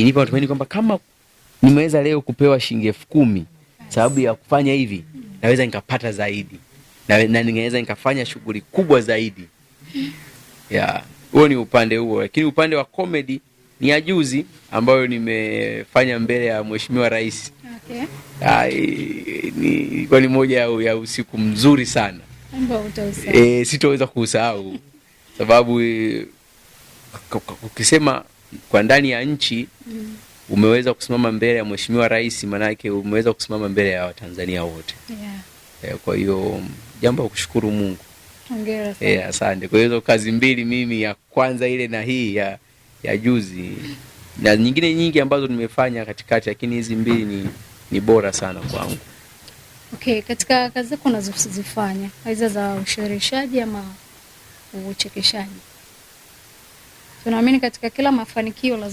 inipa matumaini kwamba kama nimeweza leo kupewa shilingi elfu kumi sababu ya kufanya hivi, naweza nikapata zaidi na, na ningeweza nikafanya shughuli kubwa zaidi yeah. Huo ni upande huo, lakini upande wa comedy ni ajuzi ambayo nimefanya mbele ya Mheshimiwa Rais. Okay. kwa ni moja ya usiku mzuri sana e, sitoweza kuusahau sababu eh, ukisema kwa ndani ya nchi mm. umeweza kusimama mbele ya mheshimiwa rais, manake umeweza kusimama mbele ya Watanzania wote yeah. Eh, kwa hiyo jambo la kushukuru Mungu. Hongera sana. Eh, asante. Kwa hizo kazi mbili mimi ya kwanza ile na hii ya ya juzi na nyingine nyingi ambazo nimefanya katikati, lakini hizi mbili ni, ni bora sana kwangu. Okay, katika kazi zako unazozifanya aidha za ushereshaji ama uchekeshaji Tunaamini katika kila mafanikio lazima